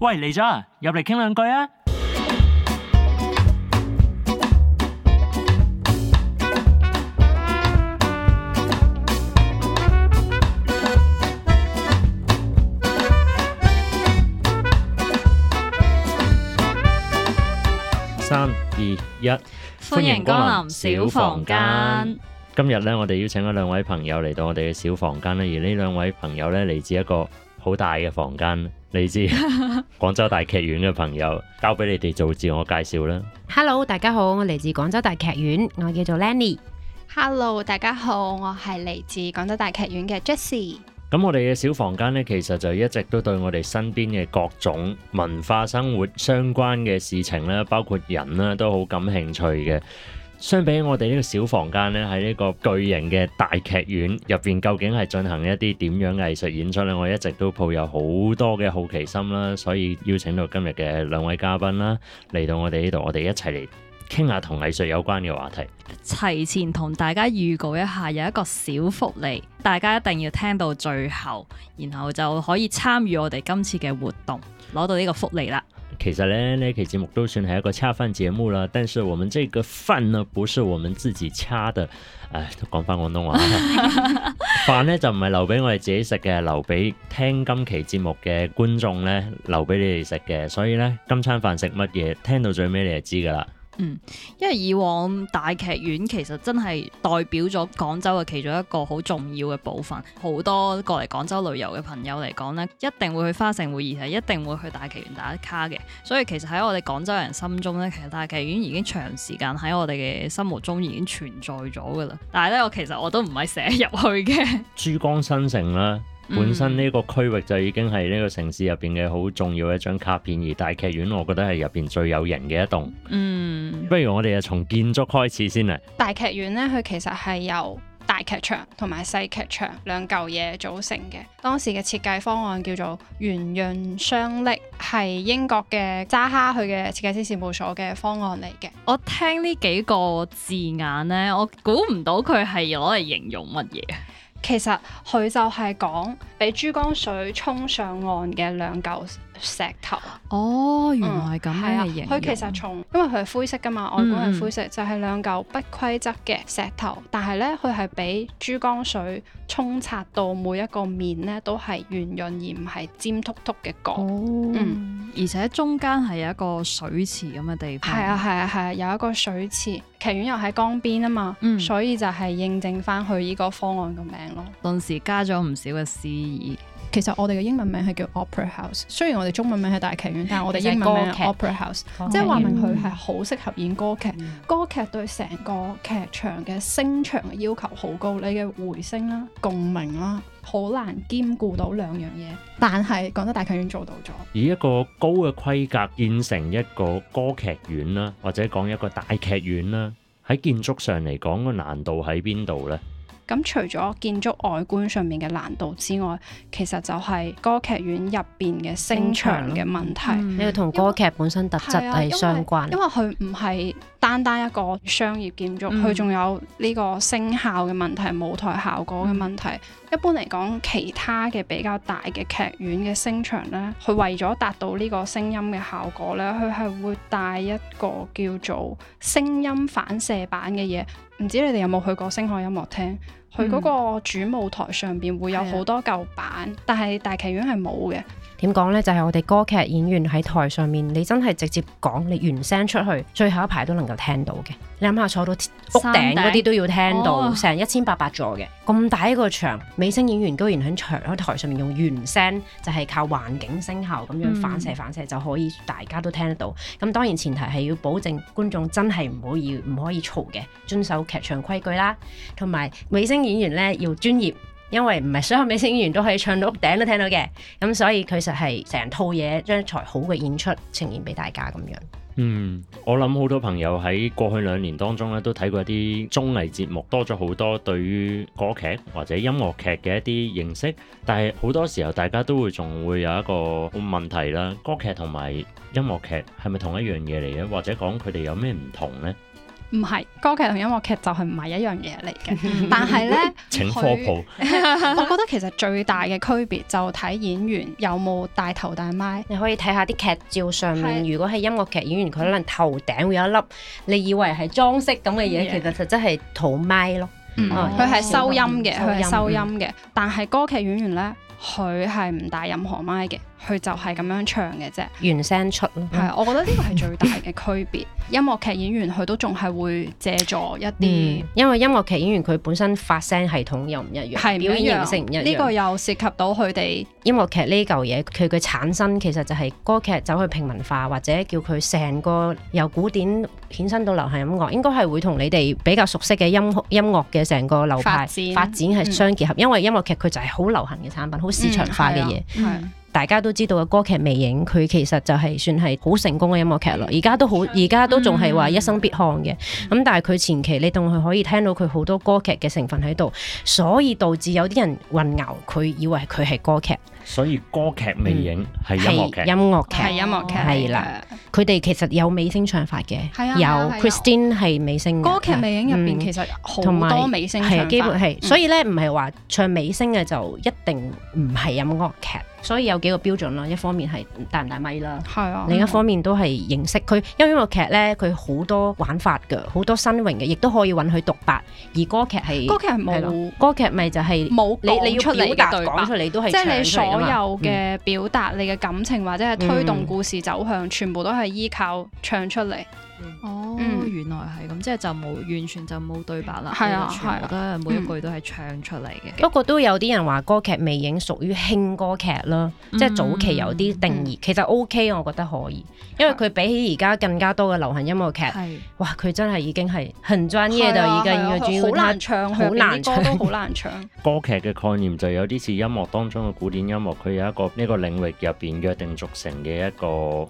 喂，嚟咗啊！入嚟傾兩句啊！三二一，歡迎光臨小房間。今日咧，我哋邀請咗兩位朋友嚟到我哋嘅小房間，而呢兩位朋友咧嚟自一個好大嘅房間。你知廣州大劇院嘅朋友，交俾你哋做自我介紹啦。Hello，大家好，我嚟自廣州大劇院，我叫做 Lanni。Hello，大家好，我係嚟自廣州大劇院嘅 Jessie。咁我哋嘅小房間咧，其實就一直都對我哋身邊嘅各種文化生活相關嘅事情啦，包括人啦、啊，都好感興趣嘅。相比我哋呢個小房間呢，喺呢個巨型嘅大劇院入邊，究竟係進行一啲點樣藝術演出呢？我一直都抱有好多嘅好奇心啦，所以邀請到今日嘅兩位嘉賓啦，嚟到我哋呢度，我哋一齊嚟傾下同藝術有關嘅話題。提前同大家預告一下，有一個小福利，大家一定要聽到最後，然後就可以參與我哋今次嘅活動，攞到呢個福利啦。其實咧，呢期節目都算係一個恰飯節目啦。但是我們這個飯呢，不是我們自己恰的，唉，都講返廣東話啦。 飯呢，就唔係留俾我哋自己食嘅，留俾聽今期節目嘅觀眾呢，留俾你哋食嘅。所以呢，今餐飯食乜嘢，聽到最尾你就知噶啦。嗯，因為以往大劇院其實真係代表咗廣州嘅其中一個好重要嘅部分，好多過嚟廣州旅遊嘅朋友嚟講呢，一定會去花城匯，而係一定會去大劇院打卡嘅。所以其實喺我哋廣州人心中呢，其實大劇院已經長時間喺我哋嘅心目中已經存在咗噶啦。但係呢，我其實我都唔係成日入去嘅。珠江新城咧。本身呢個區域就已經係呢個城市入邊嘅好重要嘅一張卡片，而大劇院我覺得係入邊最有型嘅一棟。嗯， 不如我哋啊從建築開始先嚟。大劇院呢，佢其實係由大劇場同埋細劇場兩嚿嘢組成嘅。當時嘅設計方案叫做圓潤雙礫，係英國嘅扎哈佢嘅設計師事務所嘅方案嚟嘅。我聽呢幾個字眼呢，我估唔到佢係攞嚟形容乜嘢。其實佢就係講俾珠江水沖上岸嘅兩嚿。石頭哦，原來係咁嘅型。佢、嗯啊、其實從因為佢係灰色噶嘛，外觀係灰色，嗯、就係兩嚿不規則嘅石頭。但係咧，佢係俾珠江水沖刷到每一個面咧，都係圓潤而唔係尖禿禿嘅角。哦、嗯，而且中間係有一個水池咁嘅地方。係啊，係啊，係啊，有一個水池。劇院又喺江邊啊嘛，嗯、所以就係印證翻佢依個方案嘅名咯。頓、嗯、時加咗唔少嘅詩意。其實我哋嘅英文名係叫 Opera House，雖然我哋中文名係大劇院，但係我哋英文名 Opera House，即係話明佢係好適合演歌劇。嗯、歌劇對成個劇場嘅聲場嘅要求好高，你嘅回聲啦、共鳴啦，好難兼顧到兩樣嘢，但係廣州大劇院做到咗。以一個高嘅規格建成一個歌劇院啦，或者講一個大劇院啦，喺建築上嚟講個難度喺邊度呢？咁除咗建築外觀上面嘅難度之外，其實就係歌劇院入邊嘅聲場嘅問題，呢個同歌劇本身特質係相關。因為佢唔係單單一個商業建築，佢仲、嗯、有呢個聲效嘅問題、舞台效果嘅問題。嗯一般嚟講，其他嘅比較大嘅劇院嘅聲場呢，佢為咗達到呢個聲音嘅效果呢，佢係會帶一個叫做聲音反射板嘅嘢。唔知你哋有冇去過星海音樂廳？佢嗰個主舞台上邊會有好多嚿板，嗯，但係大劇院係冇嘅。點講呢？就係、是、我哋歌劇演員喺台上面，你真係直接講，你原聲出去，最後一排都能夠聽到嘅。你諗下，坐到屋頂嗰啲都要聽到，成一千八百座嘅，咁大一個場，美聲演員居然喺場喺台上面用原聲，就係、是、靠環境聲效咁樣、嗯、反射反射就可以，大家都聽得到。咁當然前提係要保證觀眾真係唔可以唔可以嘈嘅，遵守劇場規矩啦，同埋美聲演員呢，要專業。因為唔係所有美聲演員都可以唱到屋頂都聽到嘅，咁所以佢實係成套嘢將才好嘅演出呈現俾大家咁樣。嗯，我諗好多朋友喺過去兩年當中咧都睇過一啲綜藝節目，多咗好多對於歌劇或者音樂劇嘅一啲認識。但係好多時候，大家都會仲會有一個問題啦：歌劇同埋音樂劇係咪同一樣嘢嚟嘅？或者講佢哋有咩唔同呢？唔係歌劇同音樂劇就係唔係一樣嘢嚟嘅， 但係呢，請科普。 我覺得其實最大嘅區別就睇演員有冇戴頭戴麥。你可以睇下啲劇照上面，是如果係音樂劇演員，佢可能頭頂會有一粒，你以為係裝飾咁嘅嘢，的其實實質係土麥咯。佢係收音嘅，佢係收音嘅，但係歌劇演員呢，佢係唔帶任何麥嘅。佢就係咁樣唱嘅啫，原聲出咯。係啊，我覺得呢個係最大嘅區別。 音樂劇演員佢都仲係會借助一啲、嗯，因為音樂劇演員佢本身發聲系統又唔一樣，嗎表演形式唔一樣。呢個又涉及到佢哋音樂劇呢嚿嘢，佢嘅產生其實就係歌劇走去平民化，或者叫佢成個由古典衍生到流行音樂，應該係會同你哋比較熟悉嘅音音樂嘅成個流派發展係相結合。嗯、因為音樂劇佢就係好流行嘅產品，好市場化嘅嘢。嗯大家都知道嘅歌劇《魅影》，佢其實就係算係好成功嘅音樂劇咯。而家都好，而家都仲係話一生必看嘅。咁但係佢前期你度，我係可以聽到佢好多歌劇嘅成分喺度，所以導致有啲人混淆，佢以為佢係歌劇。所以歌劇《魅影》，嗯，係音樂劇。音樂劇。係音樂劇。係啦的，佢哋其實有美聲唱法嘅，的有 Christine 係美聲。歌劇《魅影》入邊其實好多美聲唱法、嗯、基本係，所以咧唔係話唱美聲嘅就一定唔係音樂劇。所以有幾個標準啦，一方面係大唔大咪啦，啊、另一方面都係認識佢，因為音個劇咧佢好多玩法嘅，好多新穎嘅，亦都可以允許獨白。而歌劇係歌劇係冇歌劇，咪就係冇你你要表達講出嚟都係，即係你所有嘅表達，嗯、你嘅感情或者係推動故事走向，嗯、全部都係依靠唱出嚟。哦，原來係咁，即係就冇完全就冇對白啦，係啊，係，都每一句都係唱出嚟嘅。不過都有啲人話歌劇未影屬於輕歌劇啦，即係早期有啲定義。其實 O K，我覺得可以，因為佢比起而家更加多嘅流行音樂劇，哇，佢真係已經係很專業。就已應該主要，好難唱，佢啲歌都好難唱。歌劇嘅概念就有啲似音樂當中嘅古典音樂，佢有一個呢個領域入邊約定俗成嘅一個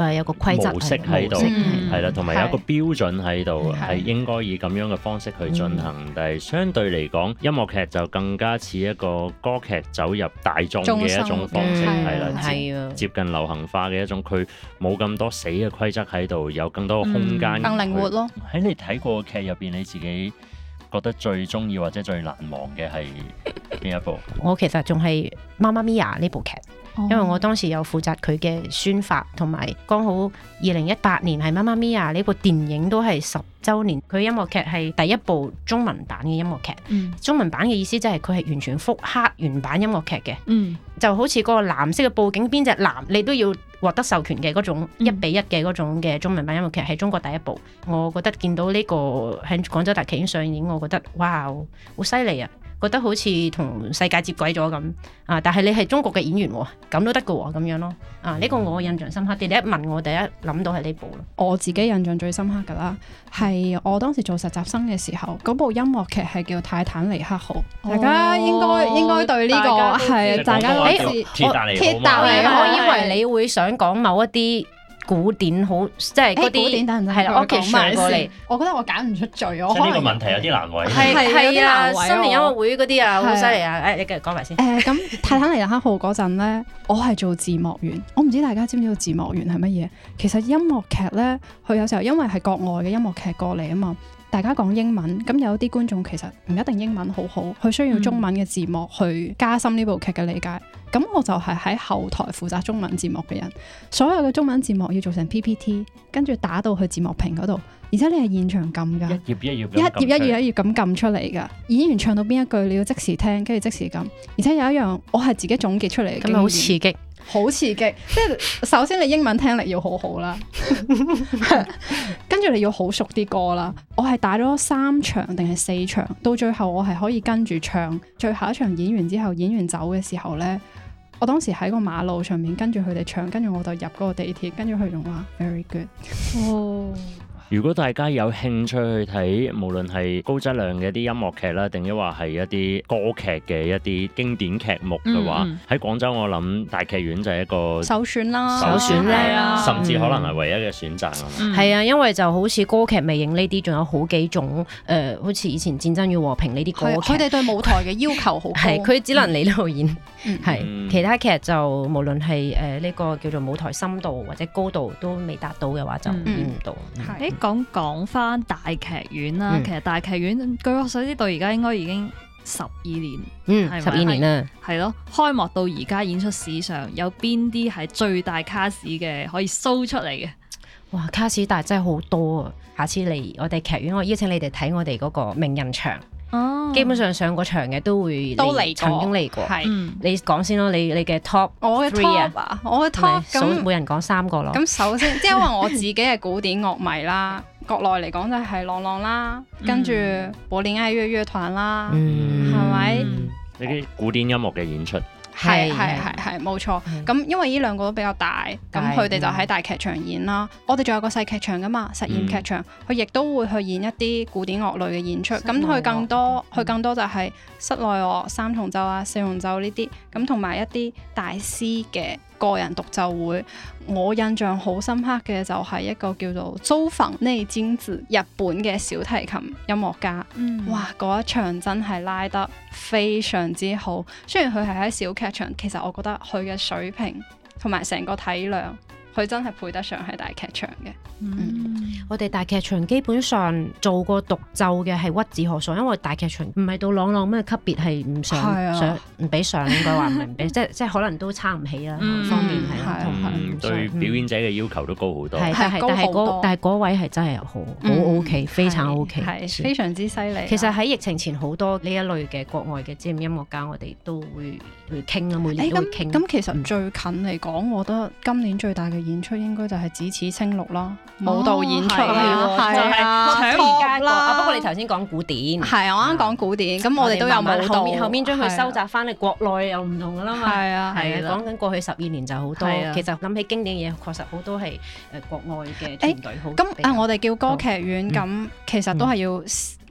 r 有個規則模式喺度，係啦。同埋有一個標準喺度，係應該以咁樣嘅方式去進行，嗯、但係相對嚟講，音樂劇就更加似一個歌劇走入大眾嘅一種方式，係啦，係接近流行化嘅一種，佢冇咁多死嘅規則喺度，有更多嘅空間、嗯，更靈活咯。喺你睇過嘅劇入邊，你自己覺得最中意或者最難忘嘅係邊一部？ 我其實仲係《媽媽咪呀》呢部劇。因為我當時有負責佢嘅宣發，同埋剛好二零一八年係《媽媽咪呀》呢部電影都係十週年，佢音樂劇係第一部中文版嘅音樂劇。嗯、中文版嘅意思即係佢係完全複刻原版音樂劇嘅，嗯、就好似個藍色嘅布景邊隻藍，你都要獲得授權嘅嗰種一比一嘅嗰種嘅中文版音樂劇喺、嗯、中國第一部。我覺得見到呢個喺廣州大劇院上演，我覺得哇，好犀利啊！覺得好似同世界接軌咗咁啊！但係你係中國嘅演員喎，咁都得㗎喎，咁樣，樣咯啊！呢個我印象深刻。你一問我，我第一諗到係呢部。我自己印象最深刻嘅啦，係我當時做實習生嘅時候，嗰部音樂劇係叫《泰坦尼克號》，哦、大家應該應該對呢個係大家都知。鐵達尼我以為你會想講某一啲。古典好，即係、欸、古典，等陣係啦。我講埋過嚟，我覺得我揀唔出罪。我。呢個問題有啲難為，係係啊！新年音樂會嗰啲啊，好犀利啊！誒的、欸，你繼續講埋先。誒咁、 呃嗯，泰坦尼克號嗰陣咧，我係做字幕員，我唔知大家知唔知道字幕員係乜嘢？其實音樂劇咧，佢有時候因為係國外嘅音樂劇過嚟啊嘛。大家講英文，咁有啲觀眾其實唔一定英文好好，佢需要中文嘅字幕去加深呢部劇嘅理解。咁、嗯、我就係喺後台負責中文字幕嘅人，所有嘅中文字幕要做成 PPT，跟住打到去字幕屏嗰度，而且你係現場撳噶，一頁一頁，一頁一頁一頁一頁咁撳出嚟噶。演員唱到邊一句，你要即時聽，跟住即時撳。而且有一樣，我係自己總結出嚟嘅經驗。好刺激。好刺激！即係首先你英文聽力要好好啦， 跟住，你要好熟啲歌啦。我係打咗三場定係四場，到最後我係可以跟住唱。最後一場演完之後，演完走嘅時候呢，我當時喺個馬路上面跟住佢哋唱，跟住我就入嗰個地鐵，跟住佢仲話 Very good 哦。Oh. 如果大家有興趣去睇，無論係高質量嘅一啲音樂劇啦，定抑或係一啲歌劇嘅一啲經典劇目嘅話，喺、嗯嗯、廣州我諗大劇院就係一個首選啦，首選啦，嗯、甚至可能係唯一嘅選擇。係、嗯嗯、啊，因為就好似歌劇未影歌劇魅影呢啲，仲有好幾種誒、呃，好似以前《戰爭與和平》呢啲歌劇，佢哋對舞台嘅要求好高，佢 只能嚟呢度演，係其他劇就無論係誒呢個叫做舞台深度或者高度都未達到嘅話，就演唔到。嗯是講講翻大劇院啦，嗯、其實大劇院據我所知到而家應該已經十二年，嗯，十二年啦，係咯，開幕到而家演出史上有邊啲係最大卡士嘅可以 show 出嚟嘅？哇，卡士大真係好多啊！下次嚟我哋劇院，我邀請你哋睇我哋嗰個名人牆。哦，基本上上過場嘅都會都曾經嚟過，係你講先咯，你你嘅 top，我嘅 top 啊，我嘅 top，咁每人講三個咯。咁首先，即係因為我自己係古典樂迷啦，國內嚟講就係郎朗啦，跟住柏林愛樂樂團啦，係咪？呢啲古典音樂嘅演出。係係係係冇錯，咁、嗯、因為呢兩個都比較大，咁佢哋就喺大劇場演啦。嗯、我哋仲有個細劇場噶嘛，實驗劇場，佢亦、嗯、都會去演一啲古典樂類嘅演出。咁佢更多，佢、嗯、更多就係室內樂、三重奏啊、四重奏呢啲。咁同埋一啲大師嘅個人獨奏會，我印象好深刻嘅就係一個叫做諏訪內晶子日本嘅小提琴音樂家，嗯、哇！嗰一場真係拉得非常之好，雖然佢係喺小劇場，其實我覺得佢嘅水平同埋成個體量。佢真係配得上係大劇場嘅。嗯，我哋大劇場基本上做過獨奏嘅係屈指可數，因為大劇場唔係到郎朗咩級別係唔上上唔俾上，應該話唔俾，即係即係可能都撐唔起啦。各方面係。嗯，對表演者嘅要求都高好多。但係嗰位係真係好好 OK，非常 OK，非常之犀利。其實喺疫情前好多呢一類嘅國外嘅知名音樂家，我哋都會去傾啦，每年都會傾。咁咁其實最近嚟講，我覺得今年最大嘅演出應該就係只此青綠啦，舞蹈演出係搶而家啦。啊，不過你頭先講古典，係啊，我啱講古典，咁我哋都有好多後面後面將佢收集翻嚟，國內又唔同噶啦嘛。係啊，啊。講緊過去十二年就好多，其實諗起經典嘢，確實好多係誒國外嘅團隊好。咁啊，我哋叫歌劇院，咁其實都係要。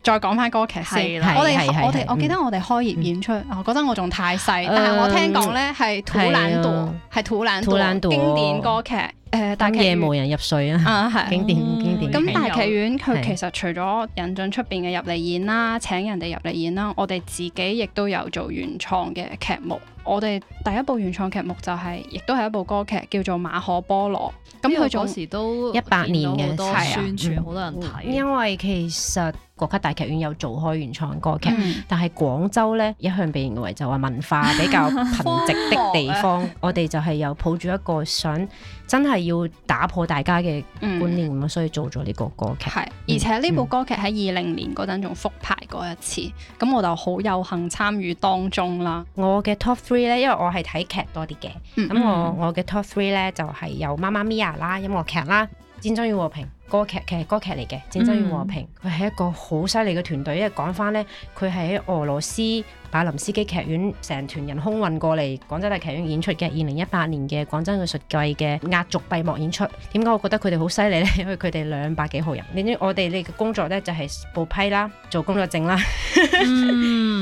再講翻歌劇，係是我哋我哋我記得我哋開業演出，是是是我覺得我仲太細，嗯、但係我聽講咧係圖蘭朵係圖蘭朵經典歌劇誒今夜無人入睡啊，經典經典。經典劇院佢其實除咗引進出邊嘅入嚟演啦，請人哋入嚟演啦，我哋自己亦都有做原創嘅劇目。我哋第一部原創劇目就係、是，亦都係一部歌劇，叫做《馬可波羅》。咁佢嗰時都一百年嘅，係啊，宣傳好多人睇，嗯嗯嗯。因為其實國家大劇院有做開原創歌劇，嗯、但係廣州呢，一向被認為就話文化比較貧瘠的地方， 漢的 我哋就係有抱住一個想。真係要打破大家嘅觀念咁、嗯、所以做咗呢個歌劇。係，嗯、而且呢部歌劇喺二零年嗰陣仲復排過一次，咁、嗯、我就好有幸參與當中啦。我嘅 top three 呢，因為我係睇劇多啲嘅，咁、嗯、我我嘅 top three 呢，就係有《媽媽咪呀》啦、音樂劇啦。戰爭與和平歌劇，嘅歌劇嚟嘅。戰爭與和平佢係、嗯、一個好犀利嘅團隊，因為講翻呢，佢係喺俄羅斯馬林斯基劇院成團人空運過嚟廣州大劇院演出嘅。二零一八年嘅廣州藝術季嘅壓軸閉幕演出。點解我覺得佢哋好犀利呢？因為佢哋兩百幾號人。你知我哋呢個工作呢，就係、是、報批啦，做工作證啦，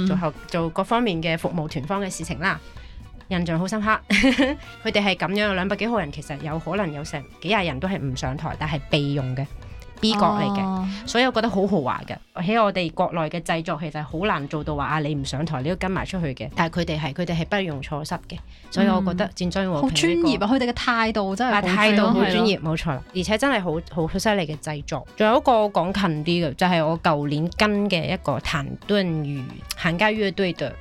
做後、嗯、 做各方面嘅服務團方嘅事情啦。印象好深刻，佢哋係咁樣，兩百幾號人其實有可能有成幾廿人都係唔上台，但係備用嘅 B 角嚟嘅，oh. 所以我覺得好豪華嘅。喺我哋國內嘅製作其實好難做到話啊，你唔上台你都跟埋出去嘅，但係佢哋係佢哋係不用錯失嘅，所以我覺得戰爭好、嗯、專業啊！佢哋嘅態度真係，但係態度好專業冇的錯，而且真係好好犀利嘅製作。仲有一個講近啲嘅，就係、是、我舊年跟嘅一個譚盾與，杭蓋樂隊嘅。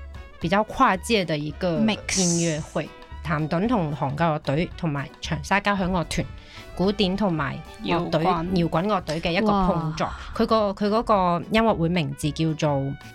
比較跨界的一個音樂會，譚盾同杭蓋樂隊同埋長沙交響樂團古典同埋搖滾搖滾樂隊嘅一個碰撞。佢哇、嗰個佢個音樂會名字叫做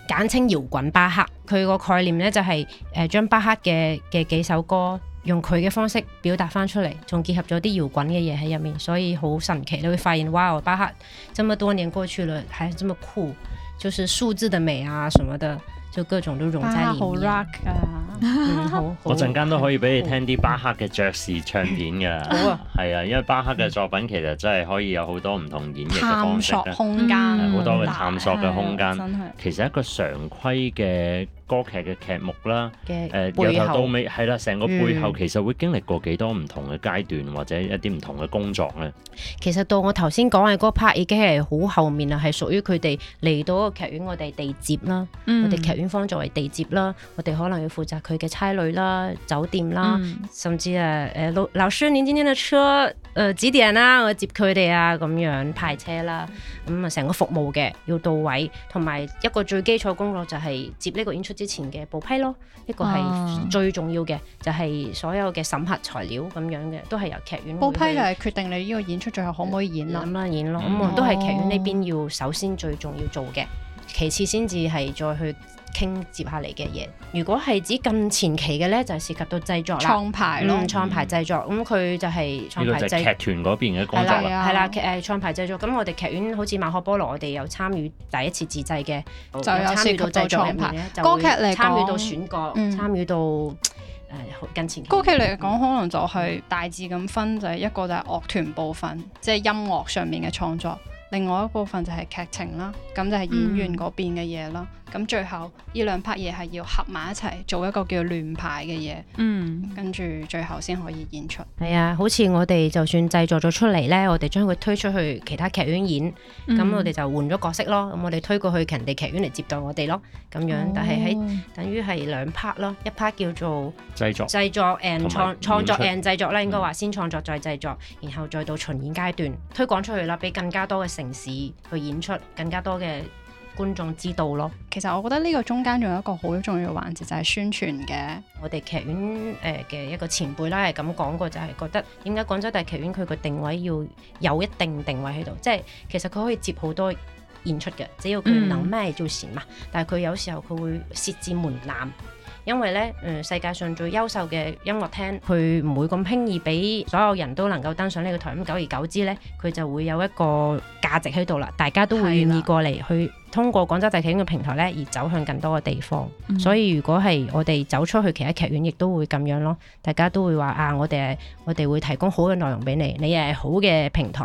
簡稱搖滾巴赫。佢個概念呢就係誒將巴赫嘅嘅幾首歌用佢嘅方式表達翻出嚟，仲結合咗啲搖滾嘅嘢喺入面，所以好神奇。你會發現，哇！巴赫這麼多年過去了，還這麼酷，就是數字的美啊，什麼的。就各種都好融在裏面。我陣間都可以俾你聽啲巴克嘅爵士唱片㗎。 好啊，係啊，因為巴克嘅作品其實真係可以有好多唔同演繹嘅方式、啊，空間，好多嘅探索嘅空間。其實一個常規嘅。 歌劇嘅劇目啦，誒，呃、由頭到尾係啦，成個背後其實會經歷過幾多唔同嘅階段，嗯、或者一啲唔同嘅工作咧。其實到我頭先講嘅嗰 part 已經係好後面啦，係屬於佢哋嚟到個劇院，我哋地接啦，嗯、我哋劇院方作為地接啦，我哋可能要負責佢嘅差旅啦、酒店啦，嗯、甚至誒誒、呃，老老師你今天嘅車誒指點啦、啊，我接佢哋啊咁樣派車啦，咁啊成個服務嘅要到位，同埋一個最基礎工作就係接呢個演出。之前嘅報批咯，呢、這個係最重要嘅，就係、是、所有嘅審核材料咁樣嘅，都係由劇院報批，就係決定你呢個演出最後可唔可以演啦、啊，咁樣、嗯嗯、演咯，咁啊、嗯、都係劇院呢邊要首先最重要做嘅，其次先至係再去。傾接下嚟嘅嘢，如果係指近前期嘅咧，就涉及到製作啦，創牌咯，創牌製作，咁佢就係。呢個就係劇團嗰邊嘅工作。係啦，係啦，誒創牌製作。咁我哋劇院好似馬可波羅，我哋有參與第一次自製嘅，就有，就有涉及到製作入面歌劇嚟參與到選角，參與、嗯、到誒近、呃、前期。歌劇嚟講，可能就係大致咁分，分，就係一個就係樂團部分，即係音樂上面嘅創作。另外一部分就係劇情啦，咁就係演員嗰邊嘅嘢咯。咁、嗯、最後呢兩 part 嘢係要合埋一齊，做一個叫聯排嘅嘢。嗯，跟住最後先可以演出。係啊，好似我哋就算製作咗出嚟呢，我哋將佢推出去其他劇院演，咁、嗯、我哋就換咗角色咯。咁我哋推過去人哋劇院嚟接待我哋咯，咁樣。但係喺等於係兩 part 咯，一 part 叫做製作製作 and 和 創創作 and 和 製作啦，應該話先創作再製作，再製作，然後再到巡演階段，推廣出去啦，俾更加多嘅平時去演出，更加多嘅觀眾知道咯。其實我覺得呢個中間仲有一個好重要嘅環節，就係、是、宣傳嘅。我哋劇院誒嘅、呃、一個前輩啦，係咁講過，就係、是、覺得點解廣州大劇院佢個定位要有一定定位喺度，即係其實佢可以接好多演出嘅，只要佢能咩做事嘛。嗯、但係佢有時候佢會設置門檻，因為呢，誒、嗯、世界上最優秀嘅音樂廳，佢唔會咁輕易俾所有人都能夠登上呢個台。咁久而久之呢，佢就會有一個。價值喺度啦，大家都會願意過嚟去通過廣州大劇院嘅平台呢，而走向更多嘅地方。嗯、所以如果係我哋走出去其他劇院，亦都會咁樣咯。大家都會話啊，我哋我哋會提供好嘅內容俾你，你又係好嘅平台，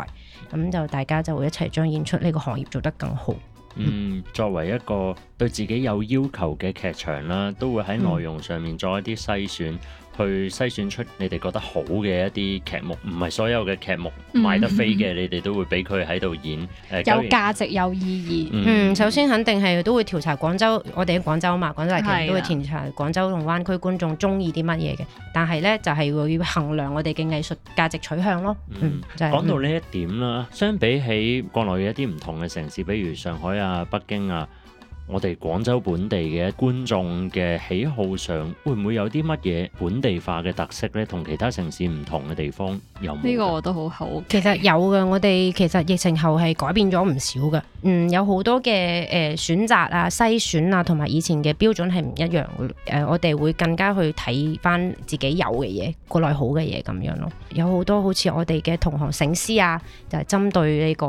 咁、嗯、就大家就會一齊將演出呢個行業做得更好。嗯，作為一個對自己有要求嘅劇場啦，都會喺內容上面做一啲篩選。嗯去篩選出你哋覺得好嘅一啲劇目，唔係所有嘅劇目賣得飛嘅，嗯、你哋都會俾佢喺度演。呃、有價值有意義，嗯，嗯嗯，首先肯定係都會調查廣州，我哋喺廣州啊嘛，廣州劇都會調查廣州同灣區觀眾中意啲乜嘢嘅。但係呢就係、係、會衡量我哋嘅藝術價值取向咯。嗯，講、就係嗯、到呢一點啦，相比起國內嘅一啲唔同嘅城市，比如上海啊、北京啊。我哋廣州本地嘅觀眾嘅喜好上，會唔會有啲乜嘢本地化嘅特色咧？同其他城市唔同嘅地方有冇？呢個我都好好。其實有嘅，我哋其實疫情後係改變咗唔少嘅。嗯，有好多嘅誒、呃、選擇啊、篩選啊，同埋以前嘅標準係唔一樣嘅、呃。我哋會更加去睇翻，自己有嘅嘢、國內好嘅嘢咁樣咯。有好多好似我哋嘅同行醒獅啊，就係、是、針對呢、這個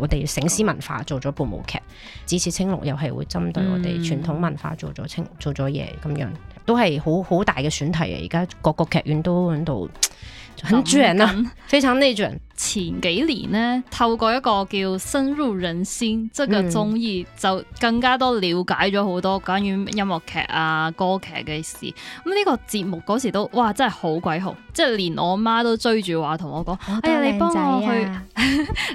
我哋醒獅文化做咗一部舞劇，只此青龍又係會針對我哋傳統文化做咗清，做咗嘢咁樣，都係好好大嘅選題啊！而家各個劇院都喺度。很卷啊，非常內卷。前幾年呢，透過一個叫深入人心這個綜藝，嗯、就更加多了解咗好多關於音樂劇啊、歌劇嘅事。咁、嗯、呢、這個節目嗰時都哇，真係好鬼好，即係連我媽都追住話同我講，啊、哎呀，你幫我去，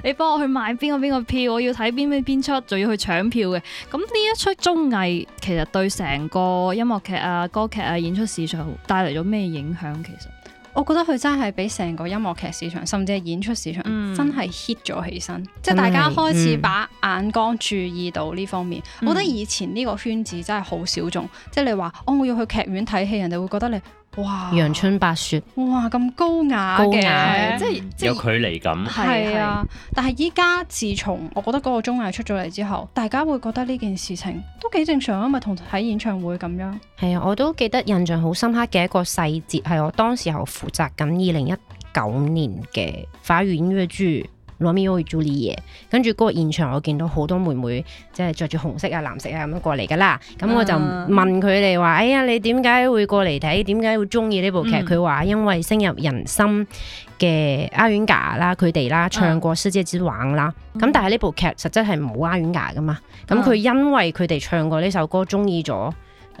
你幫我去買邊個邊個票，我要睇邊邊邊出，仲要去搶票嘅。咁、嗯、呢一出綜藝其實對成個音樂劇啊、歌劇啊演出市場帶嚟咗咩影響？其實？我覺得佢真係俾成個音樂劇市場，甚至係演出市場，嗯、真係 hit 咗起身。即係大家開始把眼光注意到呢方面。嗯、我覺得以前呢個圈子真係好小眾。嗯、即係你話，哦，我要去劇院睇戲，人哋會覺得你。哇！陽春白雪，哇，咁高雅高雅，即係是有距離感。係啊，啊啊但係依家自從我覺得嗰個綜藝出咗嚟之後，大家會覺得呢件事情都幾正常啊，咪同睇演唱會咁樣。係啊，我都記得印象好深刻嘅一個細節係我當時候負責緊二零一九年嘅《法院樂聚》。羅面我去做啲嘢，跟住嗰個現場我見到好多妹妹，即係着住紅色啊、藍色啊咁樣過嚟噶啦，咁我就問佢哋話，哎呀，你點解會過嚟睇？點解會中意呢部劇？佢話、嗯、因為聲入人心嘅阿雲嘎啦，佢哋啦唱過《獅子王》啦，咁、嗯、但係呢部劇實質係冇阿雲嘎噶嘛，咁佢因為佢哋唱過呢首歌中意咗。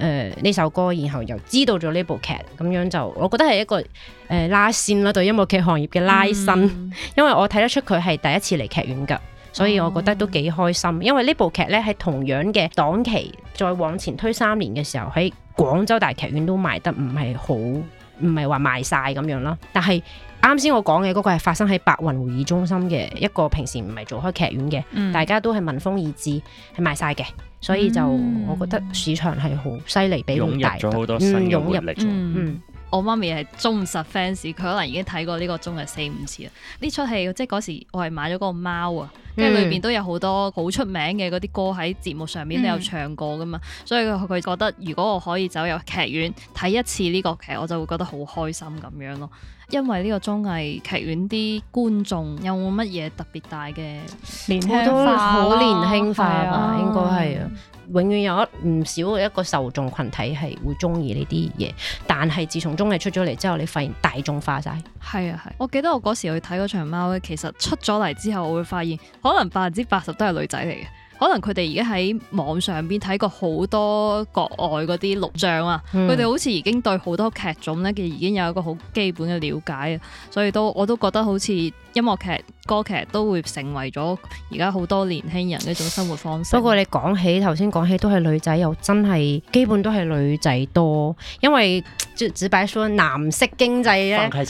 誒呢、呃、首歌，然後又知道咗呢部劇，咁樣就我覺得係一個誒、呃、拉線啦，對音樂劇行業嘅拉伸。嗯、因為我睇得出佢係第一次嚟劇院㗎，所以我覺得都幾開心。因為部劇呢部劇呢係同樣嘅檔期，再往前推三年嘅時候，喺廣州大劇院都賣得唔係好，唔係話賣晒咁樣啦。但係啱先我講嘅嗰個係發生喺白雲會議中心嘅一個平時唔係做開劇院嘅，嗯、大家都係聞風而至，係賣晒嘅，所以就我覺得市場係好犀利，比好大。湧入咗好多新嘅活力。嗯。我媽咪係忠實 fans，佢可能已經睇過呢個綜藝四五次啦。呢出戲即係嗰時，我係買咗個貓啊，即係裏邊都有好多好出名嘅嗰啲歌喺節目上面都有唱過噶嘛。嗯、所以佢覺得如果我可以走入劇院睇一次呢個劇，我就會覺得好開心咁樣咯。因為呢個綜藝劇院啲觀眾有冇乜嘢特別大嘅年輕化？好年輕化啊，應該係啊。永遠有一唔少一個受眾群體係會中意呢啲嘢，但係自從中藝出咗嚟之後，你發現大眾化晒。係啊係，我記得我嗰時去睇嗰場貓咧，其實出咗嚟之後，我會發現可能百分之八十都係女仔嚟嘅，可能佢哋而家喺網上邊睇過好多國外嗰啲錄像啊，佢哋、嗯、好似已經對好多劇種咧嘅已經有一個好基本嘅了解，啊，所以都我都覺得好似。音樂劇、歌劇都會成為咗而家好多年輕人一種生活方式。不過你講起頭先講起都係女仔，又真係基本都係女仔多，因為只只擺說男色經濟嘅，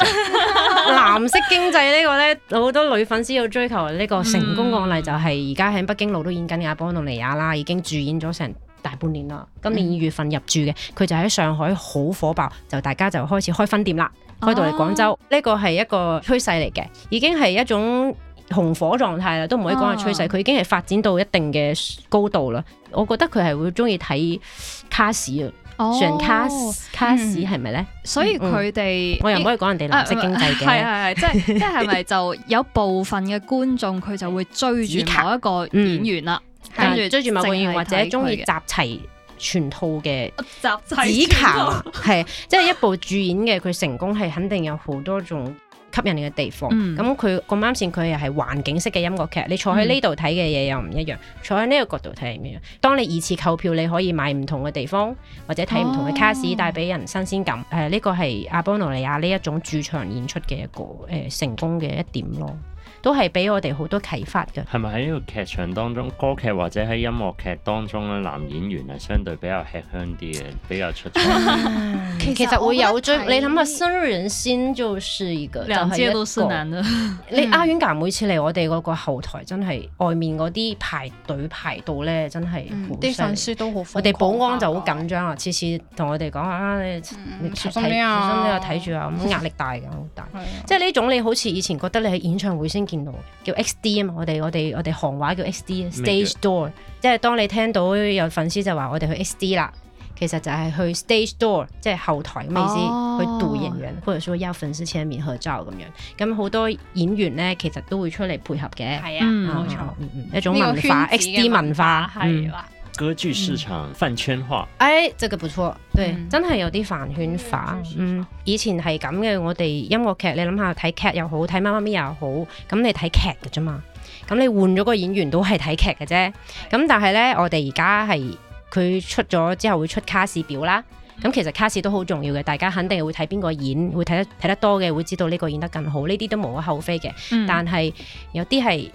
男色經濟呢 經濟呢個呢，好多女粉絲要追求呢個成功案例，就係而家喺北京路都演緊《阿波羅尼亞》啦，已經駐演咗成大半年啦。今年二月份入住嘅，佢、嗯、就喺上海好火爆，就大家就開始開分店啦。開到嚟廣州，呢個係一個趨勢嚟嘅，已經係一種紅火狀態啦，都唔可以講係趨勢，佢、啊、已經係發展到一定嘅高度啦。我覺得佢係會中意睇卡士啊，上卡、哦、卡士係咪咧？嗯、所以佢哋、嗯嗯、我又唔可以講人哋藍色經濟嘅，係係係，即係即係，係咪就有部分嘅觀眾佢 就會追住某一個演員啦、啊，嗯、跟住追住某個演員或者中意集齊。.全套嘅，集集係，即係一部主演嘅，佢成功係肯定有好多種吸引你嘅地方。咁佢咁啱線，佢又係環境式嘅音樂劇，你坐喺呢度睇嘅嘢又唔一樣，坐喺呢個角度睇係咩樣。當你二次購票，你可以買唔同嘅地方或者睇唔同嘅 cast 帶俾人新鮮感。誒、呃、呢、這個係阿波羅尼亞呢一種駐場演出嘅一個誒、呃、成功嘅一點咯。都係俾我哋好多啟發㗎。係咪喺呢個劇場當中，歌劇或者喺音樂劇當中咧，男演員係相對比較吃香啲嘅，比較出彩。其實會有追，你諗下新人先，就是一個兩件都是難的。你阿遠每次嚟我哋嗰個後台，真係外面嗰啲排隊排到咧，真係啲粉絲都好。我哋保安就好緊張啊，次次同我哋講啊，你小心啲啊，小心啲啊，睇住啊，咁壓力大㗎，好大。即係呢種你好似以前覺得你喺演唱會先。見到叫 X D 啊嘛，我哋我哋我哋行話叫 X D Stage Door，即係當你聽到有粉絲就話我哋去 X D 啦，其實就係去 Stage Door，即係後台咁意思、哦、去度演員，或者說邀粉絲簽一面合照咁樣。咁好多演員咧，其實都會出嚟配合嘅，係啊，冇錯，一種文化 X D 文化係歌劇市場、嗯、飯圈化，哎，這個不錯，對，真係有啲飯圈化。嗯，嗯，以前係咁嘅，我哋音樂劇，你諗下睇劇又好，睇媽媽咪又好，咁你睇劇嘅啫嘛。咁你換咗個演員都係睇劇嘅啫。咁但係呢，我哋而家係佢出咗之後會出卡士表啦。咁其實卡士都好重要嘅，大家肯定會睇邊個演，會睇得睇得多嘅會知道呢個演得更好。呢啲都無可厚非嘅，嗯、但係有啲係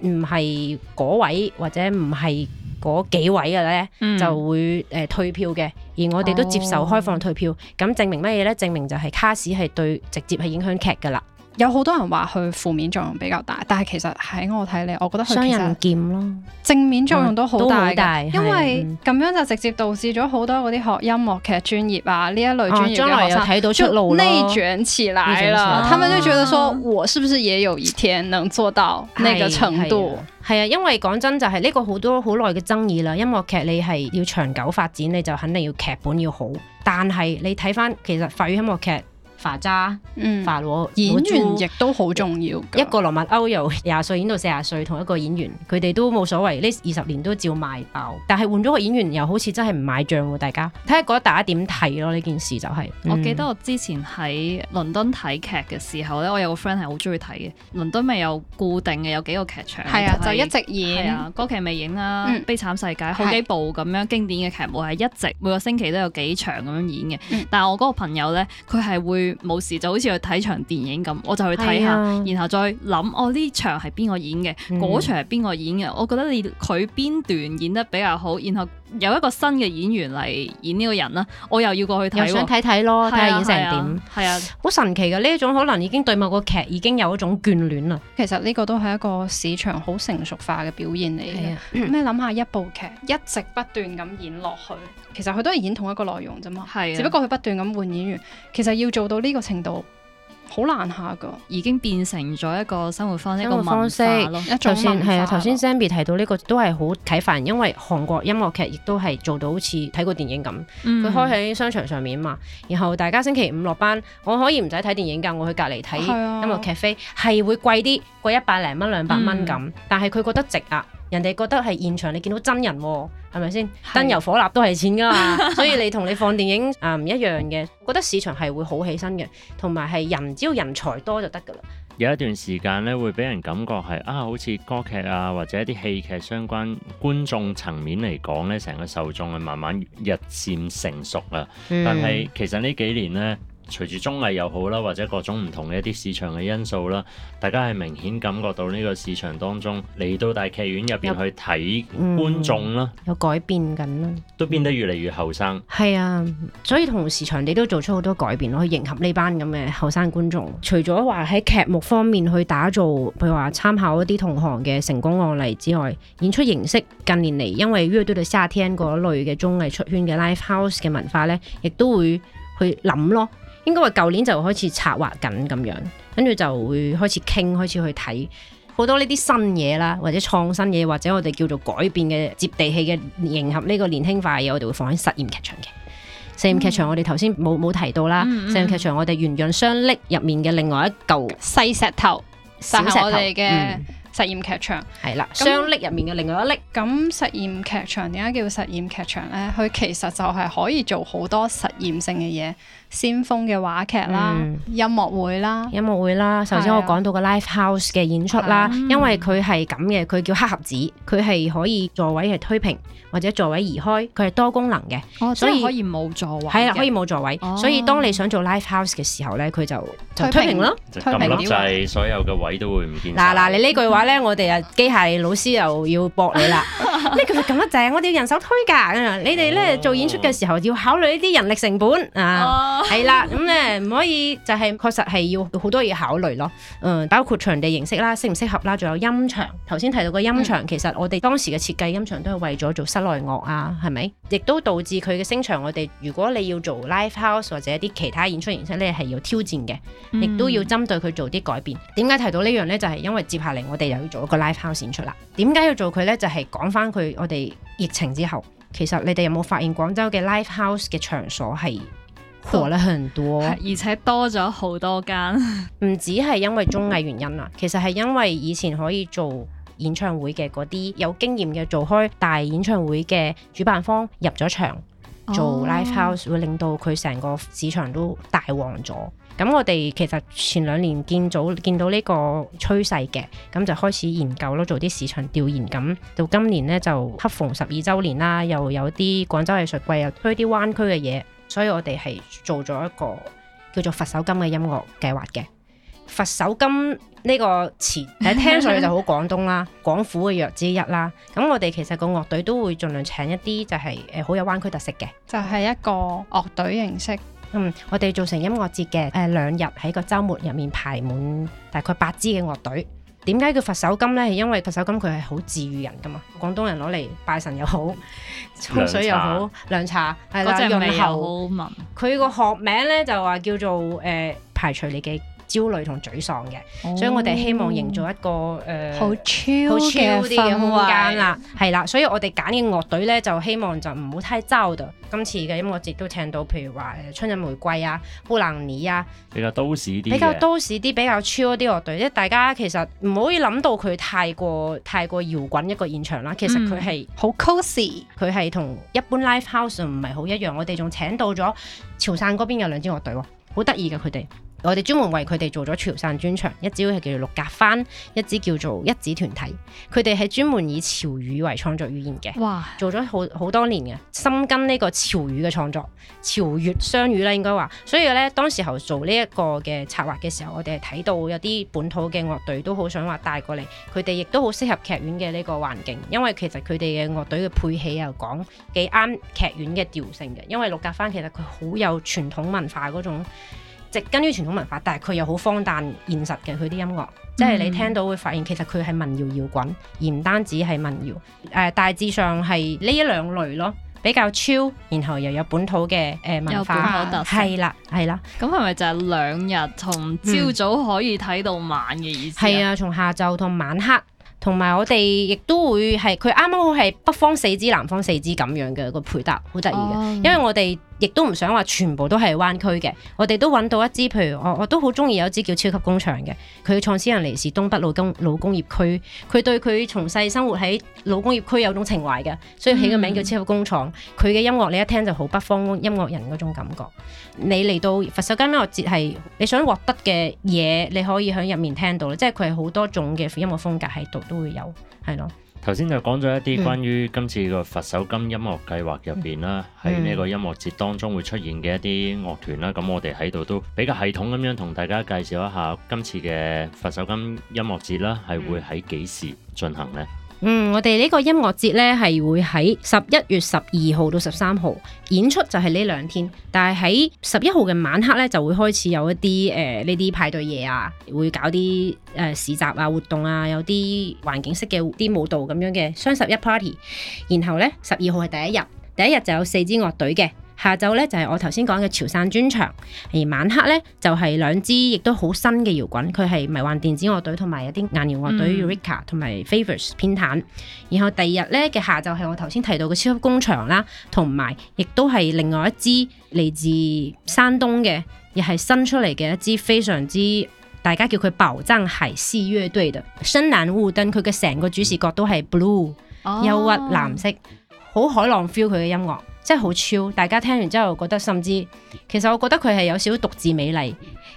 唔係嗰位或者唔係，嗰幾位嘅咧、嗯、就會誒、呃、退票嘅，而我哋都接受開放退票，咁、哎、證明乜嘢咧？證明就係卡士係對直接係影響劇㗎啦。有好多人話佢負面作用比較大，但係其實喺我睇嚟，我覺得佢雙刃劍咯，正面作用都好大，大。因為咁樣就直接導致咗好多嗰啲學音樂劇專業啊呢一類專業嘅學生睇、啊、到出路呢內捲起來了，來了啊、他們就覺得說我是不是也有一天能做到呢個程度？係啊，因為講真就係、是、呢個好多好耐嘅爭議啦。音樂劇你係要長久發展，你就肯定要劇本要好。但係你睇翻其實法語音樂劇。華渣，嗯，華我演員亦都好重要。一個羅密歐由廿歲演到四十歲，同一個演員，佢哋都冇所謂，呢二十年都照賣爆。但係換咗個演員，又好似真係唔買賬。大家睇下嗰日大家點睇咯？呢件事就係、是，我記得我之前喺倫敦睇劇嘅時候呢，我有個 friend 係好中意睇嘅。倫敦咪有固定嘅，有幾個劇場，係啊，是就一直演。啊、歌劇未影啦，嗯、悲慘世界，好幾部咁樣是經典嘅劇目係一直每個星期都有幾場咁樣演嘅。嗯、但係我嗰個朋友呢，佢係會。冇事就好似去睇場電影咁，我就去睇下，是啊、然後再諗哦呢場係邊個演嘅，嗰、嗯、場係邊個演嘅，我覺得你佢邊段演得比較好，然後。有一個新嘅演員嚟演呢個人啦，我又要過去睇，又想睇睇咯，睇下、啊、演成點，係啊，好、啊啊、神奇嘅呢一種可能已經對某個劇已經有一種眷戀啦。其實呢個都係一個市場好成熟化嘅表現嚟嘅。你諗下一部劇一直不斷咁演落去，其實佢都係演同一個內容啫嘛，係啊，只不過佢不斷咁換演員，其實要做到呢個程度。好難下噶，已經變成咗一個生活方式。方式一個方式咯。就算係啊，頭先 Zenbi 提到呢、這個都係好啟發，因為韓國音樂劇亦都係做到好似睇過電影咁。佢、嗯、開喺商場上面啊嘛，然後大家星期五落班，我可以唔使睇電影㗎，我去隔離睇音樂劇飛，係、啊、會貴啲，貴一百零蚊兩百蚊咁，嗯、但係佢覺得值啊。人哋覺得係現場，你見到真人喎、哦，係咪先？的燈油火蠟都係錢㗎嘛、啊， 所以你同你放電影啊唔、呃、一樣嘅。覺得市場係會好起身嘅，同埋係人只要人才多就得㗎喇。有一段時間呢，會俾人感覺係啊，好似歌劇啊或者一啲戲劇相關觀眾層面嚟講呢，成個受眾係慢慢日漸成熟喇。嗯、但係其實呢幾年呢。隨住綜藝又好啦，或者各種唔同嘅一啲市場嘅因素啦，大家係明顯感覺到呢個市場當中嚟到大劇院入邊去睇有觀眾啦、嗯，有改變緊啦，都變得越嚟越後生。係、嗯、啊，所以同時場地都做出好多改變咯，去迎合呢班咁嘅後生觀眾。除咗話喺劇目方面去打造，譬如話參考一啲同行嘅成功案例之外，演出形式近年嚟因為樂隊嘅夏天嗰類嘅綜藝出圈嘅 Live House 嘅文化呢，亦都會去諗咯。應該話舊年就開始策劃緊咁樣，跟住就會開始傾，開始去睇好多呢啲新嘢啦，或者創新嘢，或者我哋叫做改變嘅接地氣嘅迎合呢、這個年輕化嘢，我哋會放喺實驗劇場嘅。實驗劇場我哋頭先冇冇提到啦。嗯嗯實驗劇場我哋圓潤雙礫入面嘅另外一嚿細石頭，石頭、石頭、石頭，我哋嘅實驗劇場。係啦、嗯，雙礫入面嘅另外一粒咁實驗劇場。點解叫實驗劇場呢？佢其實就係可以做好多實驗性嘅嘢。先鋒嘅話劇啦，音樂會啦，音樂會啦。首先我講到個 live house 嘅演出啦，因為佢係咁嘅，佢叫黑盒子，佢係可以座位係推平或者座位移開，佢係多功能嘅，所以可以冇座位。係啦，可以冇座位。所以當你想做 live house 嘅時候咧，佢就就推平咯，就推平就係，所有嘅位都會唔見。嗱嗱，你呢句話咧，我哋啊機械老師又要駁你啦。呢個就咁啊，正，我哋要人手推噶。咁你哋咧做演出嘅時候要考慮呢啲人力成本啊。係啦，咁咧唔可以就係確實係要好多嘢考慮咯。嗯，包括場地形式啦，適唔適合啦，仲有音場。頭先提到個音場，Yeah. 其實我哋當時嘅設計音場都係為咗做室內樂啊，係咪？亦都導致佢嘅聲場。我哋如果你要做 live house 或者一啲其他演出形式咧，係要挑戰嘅，亦都要針對佢做啲改變。點解，mm. 提到呢樣呢？就係、是、因為接下嚟我哋又要做一個 live house 演出啦。點解要做佢呢？就係講翻佢我哋疫情之後，其實你哋有冇發現廣州嘅 live house 嘅場所係？多咧，火了很多，而且多咗好多間。唔止係因為綜藝原因啦，其實係因為以前可以做演唱會嘅嗰啲有經驗嘅做開大演唱會嘅主辦方入咗場做 live house，會令到佢成個市場都大旺咗。咁我哋其實前兩年見早見到呢個趨勢嘅，咁就開始研究咯，做啲市場調研。咁到今年呢，就恰逢十二周年啦，又有啲廣州藝術季，又推啲灣區嘅嘢。所以我哋係做咗一個叫做佛手柑嘅音樂計劃嘅。佛手柑呢個詞，誒聽上去就好廣東啦， 廣府嘅藥之一啦。咁我哋其實個樂隊都會盡量請一啲就係誒好有灣區特色嘅。就係一個樂隊形式。嗯，我哋做成音樂節嘅，誒、呃、兩日喺個週末入面排滿大概八支嘅樂隊。點解叫佛手柑咧？係因為佛手柑佢係好治愈人㗎嘛？廣東人攞嚟拜神又好，沖水又好，涼茶係啦，用喉。佢個口學名咧就話叫做誒、呃、排除你嘅。焦慮同沮喪嘅，哦、所以我哋希望營造一個誒好超好啲嘅空間啦，係啦圍，所以我哋揀嘅樂隊咧就希望就唔好太糟的。今次嘅音樂節都請到，譬如話誒春日玫瑰啊、布蘭尼啊，比較都市啲，比較都市啲比較超啲樂隊，即係大家其實唔可以諗到佢太過太過搖滾一個現場啦。其實佢係好 cosy，佢係同一般 live house 唔係好一樣。我哋仲請到咗潮汕嗰邊有兩支樂隊，好得意嘅佢哋。我哋專門為佢哋做咗潮汕專場，一支係叫做六甲番，一支叫做一指團體。佢哋係專門以潮語為創作語言嘅，哇做咗好好多年嘅，深耕呢個潮語嘅創作，潮粵雙語啦，應該話。所以咧，當時候做呢一個嘅策劃嘅時候，我哋係睇到有啲本土嘅樂隊都好想話帶過嚟，佢哋亦都好適合劇院嘅呢個環境，因為其實佢哋嘅樂隊嘅配器又講幾啱劇院嘅調性嘅，因為六甲番其實佢好有傳統文化嗰種。跟於傳統文化，但係佢又好荒誕現實嘅佢啲音樂，即係你聽到會發現其實佢係民謠搖滾，而唔單止係民謠。誒、呃，大致上係呢一兩類咯，比較超，然後又有本土嘅誒文化，係啦，係啦。咁係咪就係兩日從朝早可以睇到晚嘅意思，嗯？係啊，從下晝同晚黑，同埋我哋亦都會係佢啱啱好係北方四支，南方四支咁樣嘅個配搭，好得意嘅，嗯、因為我哋。亦都唔想話全部都係灣區嘅，我哋都揾到一支，譬如我我都好中意有一支叫《超級工廠》嘅，佢嘅創始人嚟自東北老工老工業區，佢對佢從細生活喺老工業區有種情懷嘅，所以起個名叫《超級工廠》嗯。佢嘅音樂你一聽就好北方音樂人嗰種感覺。你嚟到佛手柑音樂節係你想獲得嘅嘢，你可以喺入面聽到，即係佢係好多種嘅音樂風格喺度都會有，係咯。頭先就講咗一啲關於今次個佛手柑音樂計劃入邊啦，喺呢個音樂節當中會出現嘅一啲樂團啦，咁我哋喺度都比較系統咁樣同大家介紹一下今次嘅佛手柑音樂節啦，係會喺幾時進行咧？嗯，我哋呢個音樂節呢，係會喺十一月十二號到十三號演出，就係呢兩天。但係喺十一號嘅晚黑呢，就會開始有一啲誒呢啲派對嘢啊，會搞啲誒、呃、市集啊活動啊，有啲環境式嘅啲舞蹈咁樣嘅雙十一 party。然後呢，十二號係第一日。第一日就有四支樂隊嘅，下晝咧就係、是、我頭先講嘅潮汕專場，而晚黑咧就係、是、兩支亦都好新嘅搖滾，佢係迷幻電子樂隊同埋一啲硬搖滾樂隊、嗯 e、Urica 同埋 Favors 偏袒。然後第二日咧嘅下晝係我頭先提到嘅超級工場啦，同埋亦都係另外一支嚟自山東嘅，亦係新出嚟嘅一支非常之大家叫佢暴增鞋絲樂隊嘅深藍烏頓，佢嘅成個主視覺都係 blue 憂鬱、哦、藍色。好海浪 feel 佢嘅音樂，真係好 chill！大家聽完之後覺得，甚至其實我覺得佢係有少少獨自美麗，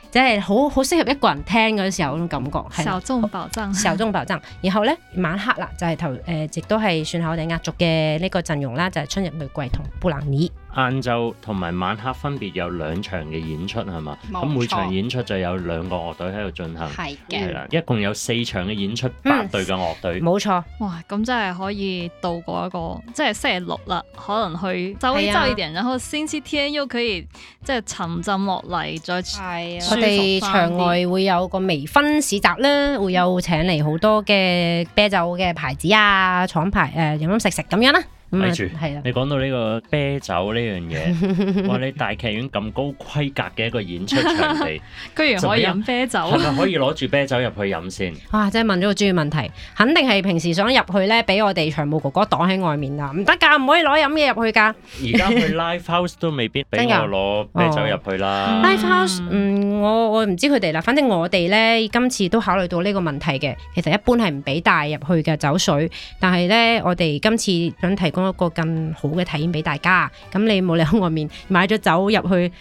即係好好適合一個人聽嗰時候嗰種感覺。小眾寶藏，小眾寶藏。然後咧晚黑啦，就係、是、頭誒，亦、呃、都係算係我哋壓軸嘅呢個陣容啦，就係、是、春日玫瑰同布朗尼。晏晝同埋晚黑分別有兩場嘅演出係嘛？咁錯每場演出就有兩個樂隊喺度進行，係嘅的，一共有四場嘅演出，八隊嘅樂隊。冇、嗯、錯，哇！咁真係可以度過一個即係星期六啦，可能去周週二啲然後先至天 N U 可以即係沉浸落嚟，再、哎、呀我哋場外會有個微醺市集咧，會有請嚟好多嘅啤酒嘅牌子啊、廠牌誒、呃、飲飲食食咁樣啦。咪住，係啊！嗯、你講到呢個啤酒呢樣嘢， 哇！你大劇院咁高規格嘅一個演出場地，居然 可以飲啤酒，係 咪 可以攞住啤酒入去飲先？哇、啊！即係問咗個專業問題，肯定係平時想入去咧，俾我哋場務哥哥擋喺外面啊！唔得㗎，唔可以攞飲嘢入去㗎。而家去 Live House 都未必俾我攞啤酒入去啦。Live House， 嗯，我我唔知佢哋啦，反正我哋咧今次都考慮到呢個問題嘅，其實一般係唔俾帶入去嘅酒水，但係咧我哋今次想提供。一個更好嘅體驗俾大家，咁你冇理由喺外面買咗酒入去，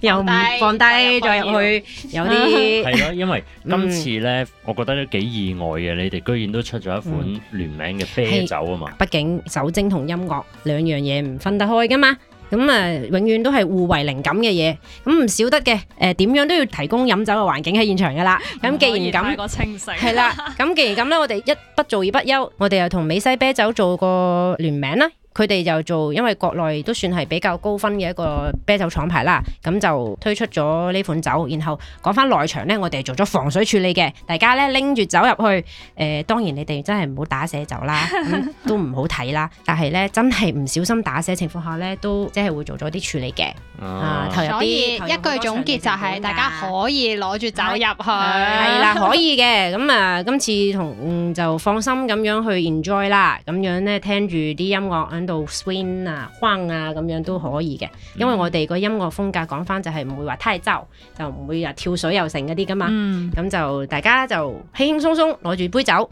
又唔放低，再入去有啲係咯，因為今次呢，我覺得都幾意外嘅，你哋居然都出咗一款聯名嘅啤酒啊嘛，畢竟酒精同音樂兩樣嘢唔分得開噶嘛。咁永遠都係互為靈感嘅嘢，咁唔少得嘅。誒、呃、點樣都要提供飲酒嘅環境喺現場㗎喇。咁 既然咁，係啦 咁既然咁，我哋一不做二不休，我哋又同美西啤酒做個聯名啦。佢哋就做，因為國內都算係比較高分嘅一個啤酒廠牌啦，咁就推出咗呢款酒。然後講翻內場咧，我哋做咗防水處理嘅，大家咧拎住走入去，誒、呃、當然你哋真係唔好打碎酒啦，嗯、都唔好睇啦。但係咧真係唔小心打碎情況下咧，都即係會做咗啲處理嘅。啊，投入啲。哦、入所以一句總結就係大家可以攞住走入去，係啦、嗯啊，可以嘅。咁、嗯、啊，今次同、嗯、就放心咁樣去 enjoy 啦，咁樣咧聽住啲音樂。嗯到 swing 啊、funk 啊咁樣都可以嘅，因為我哋個音樂風格講翻就係唔會話太嘈，就唔會啊跳水又成嗰啲噶嘛，咁、嗯、就大家就輕輕鬆鬆攞住杯酒，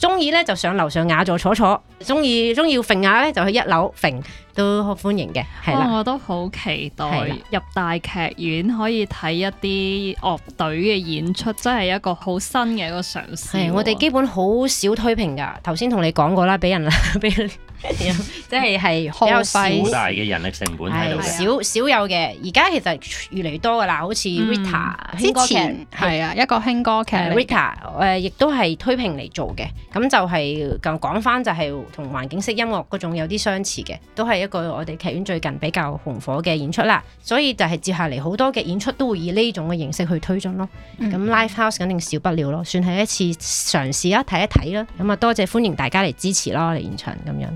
中意咧就上樓上雅座坐坐，中意中意揈下咧就去一樓揈都好歡迎嘅，係、哦、我都好期待入大劇院可以睇一啲樂隊嘅演出，真係一個好新嘅一個嘗試、哦。係，我哋基本好少推評，噶頭先同你講過啦，俾人俾即係係好大嘅人力成本喺少 少，少有嘅。而家其實越嚟越多㗎啦，好似 Rita 之前輕歌劇，啊，啊一個輕歌劇 Rita 誒、呃，亦都係推評嚟做嘅。咁就係咁講翻，就係同環境式音樂嗰種有啲相似嘅，都係。一。一個我哋劇院最近比較紅火嘅演出啦，所以就係接下嚟好多嘅演出都會以呢種嘅形式去推進咯。咁 Live House 肯定少不了咯，算係一次嘗試啦，睇一睇啦。咁啊，多謝歡迎大家嚟支持啦，嚟現場咁樣。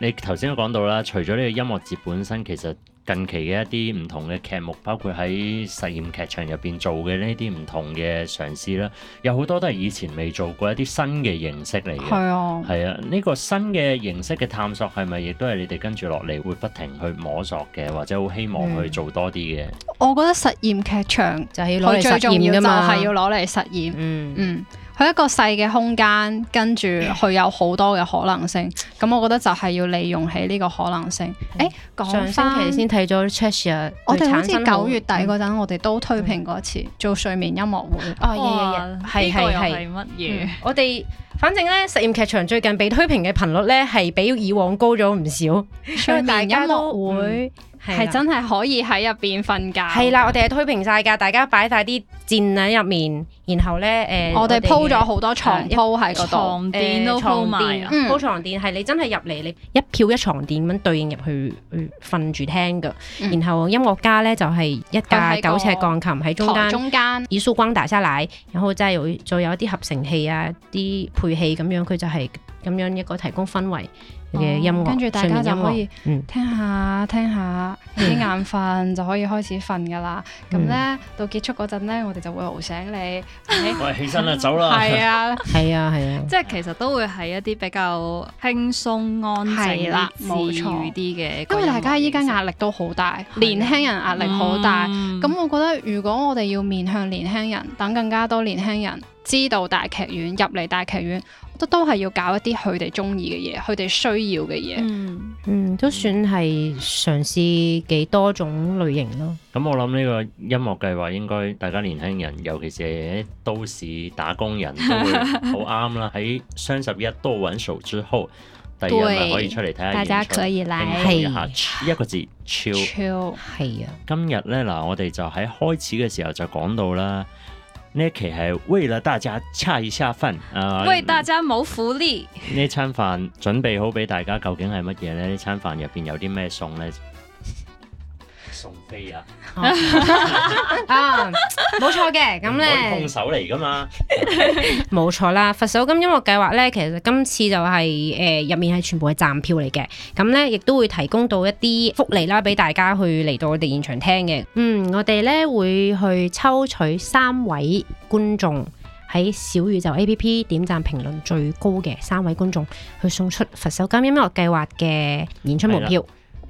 你頭先都講到啦，除咗呢個音樂節本身，其實。近期嘅一啲唔同嘅劇目，包括喺實驗劇場入邊做嘅呢啲唔同嘅嘗試啦，有好多都係以前未做過一啲新嘅形式嚟嘅。係啊，係啊，呢個新嘅形式嘅探索係咪亦都係你哋跟住落嚟會不停去摸索嘅，或者好希望去做多啲嘅？嗯。我覺得實驗劇場就係要攞嚟實驗㗎嘛，係要攞嚟實驗。嗯嗯。佢一個細嘅空間，跟住佢有好多嘅可能性，咁我覺得就係要利用起呢個可能性。誒、欸，上星期先睇咗 Tricia，我哋好似九月底嗰陣，我哋都推平過一次、嗯、做睡眠音樂會。哦、啊，係係係乜嘢？嗯、我哋反正咧，實驗劇場最近被推平嘅頻率咧，係比以往高咗唔少。睡眠 音樂會。嗯係真係可以喺入邊瞓覺。係啦，我哋係推平晒噶，大家擺晒啲墊喺入面，然後咧，誒、呃，我哋鋪咗好多床鋪喺度。嗯、床，呃、床墊，鋪、嗯、床墊，鋪、嗯、床墊係你真係入嚟，你一票一床墊咁樣對應入去瞓住聽噶。嗯、然後音樂家咧就係、是、一架九尺鋼琴喺中間，中間以舒光大沙奶，然後真係會再有一啲合成器啊，啲配器咁樣，佢就係咁樣一個提供氛圍。跟住大家就可以聽下聽下，啲眼瞓就可以開始瞓噶啦。咁呢到結束嗰陣呢，我哋就會喎醒你。喂，起身啦，走啦！係啊，係啊，係啊！即係其實都會係一啲比較輕鬆安靜啦，冇錯啲嘅。因為大家依家壓力都好大，年輕人壓力好大。咁我覺得，如果我哋要面向年輕人，等更加多年輕人知道大劇院，入嚟大劇院。都都係要搞一啲佢哋中意嘅嘢，佢哋需要嘅嘢，嗯，嗯，都算係嘗試幾多種類型咯。咁，嗯，我諗呢個音樂計劃應該大家年輕人，尤其是都市打工人 都好啱啦。喺雙十一多玩手之後，第二日可以出嚟睇下，大家可以嚟體驗下。是一個字，超，係 chill 啊。今日呢，嗱，我哋就喺開始嘅時候就講到啦。呢期係為了大家恰一下飯，啊、呃，為大家謀福利。呢 餐飯準備好俾大家，究竟係乜嘢咧？呢餐飯入面有啲咩餸咧？啊！ 啊，冇錯嘅，咁咧，空手嚟㗎嘛，冇 錯啦。佛手柑音樂計劃咧，其實今次就係誒入面係全部係站票嚟嘅，咁咧亦都會提供到一啲福利啦，俾大家去嚟到我哋現場聽嘅。嗯，我哋咧會去抽取三位觀眾喺小宇宙 A P P 點讚評論最高嘅三位觀眾，去送出佛手柑音樂計劃嘅演出門票。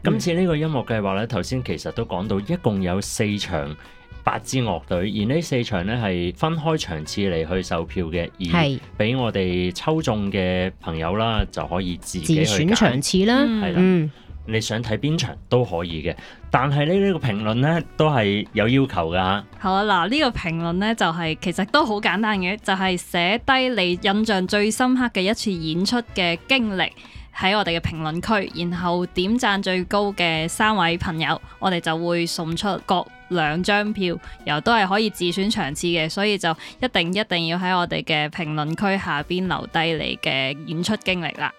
今次呢個音樂計劃咧，頭先其實都講到一共有四場八支樂隊，而呢四場呢係分開場次嚟去售票嘅，而俾我哋抽中嘅朋友啦就可以自己去選，自選場次啦，係啦的，嗯、你想睇邊場都可以嘅，但係呢呢、呢個評論呢都係有要求㗎嚇。好啊，嗱、呢、呢個評論呢就係、係、其實都好簡單嘅，就係寫低你印象最深刻嘅一次演出嘅經歷。喺我哋嘅評論區，然後點讚最高嘅三位朋友，我哋就會送出各兩張票，然後都係可以自選場次嘅，所以就一定一定要喺我哋嘅評論區下邊留低你嘅演出經歷啦。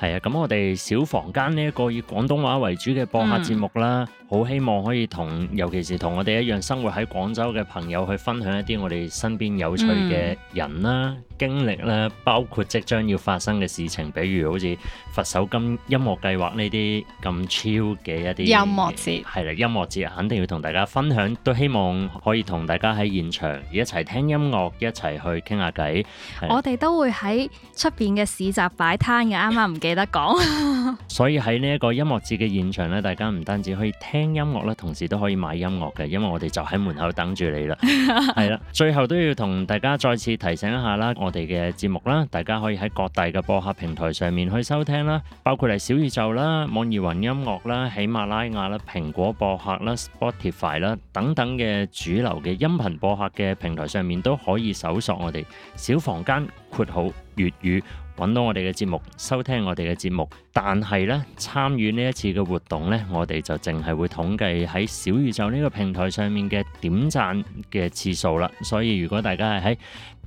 係啊，咁我哋小房間呢一個以廣東話為主嘅播客節目啦，好、嗯、希望可以同，尤其是同我哋一樣生活喺廣州嘅朋友去分享一啲我哋身邊有趣嘅人啦、嗯、經歷啦，包括即將要發生嘅事情，比如好似佛手柑音樂計劃呢啲咁超嘅一啲音樂節，係啦、嗯，音樂節肯定要同大家分享，都希望可以同大家喺現場一齊聽音樂，一齊去傾下偈。我哋都會喺出邊嘅市集擺，擺攤嘅，啱啱唔。記得講， 所以喺呢一個音樂節嘅現場咧，大家唔單止可以聽音樂咧，同時都可以買音樂嘅，因為我哋就喺門口等住你啦。係啦， 最後都要同大家再次提醒一下啦，我哋嘅節目啦，大家可以喺各大嘅播客平台上面去收聽啦，包括係小宇宙啦、網易雲音樂啦、喜馬拉雅啦、蘋果播客啦、Spotify 啦等等嘅主流嘅音頻播客嘅平台上面都可以搜索我哋小房間括號粵語。揾到我哋嘅節目，收聽我哋嘅節目，但係呢參與呢一次嘅活動呢，我哋就淨係會統計喺小宇宙呢個平台上面嘅點贊嘅次數啦。所以如果大家係喺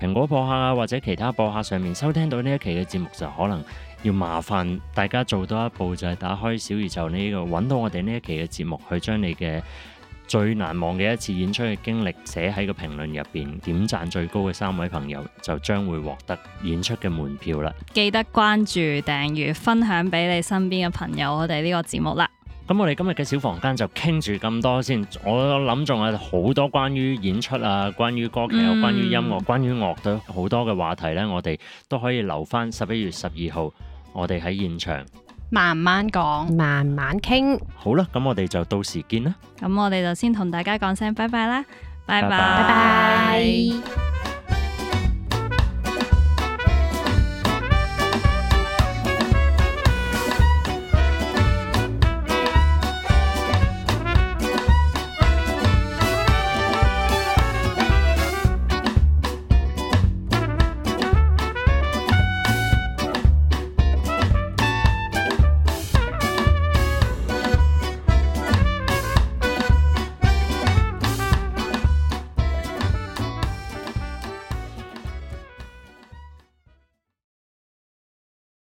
蘋果播客啊或者其他播客上面收聽到呢一期嘅節目，就可能要麻煩大家做多一步，就係打開小宇宙呢個，揾到我哋呢一期嘅節目，去將你嘅。最難忘嘅一次演出嘅經歷寫喺個評論入邊，點贊最高嘅三位朋友就將會獲得演出嘅門票啦！記得關注、訂閱、分享俾你身邊嘅朋友我我，我哋呢個節目啦。咁我哋今日嘅小房間就傾住咁多先，我諗仲有好多關於演出啊、關於歌劇啊、關於音樂、關於樂隊好多嘅話題呢，我哋都可以留翻十一月十二號，我哋喺現場。慢慢講，慢慢傾。好啦，咁我哋就到時見啦。咁我哋就先同大家講聲拜拜啦，拜拜拜拜。Bye bye bye bye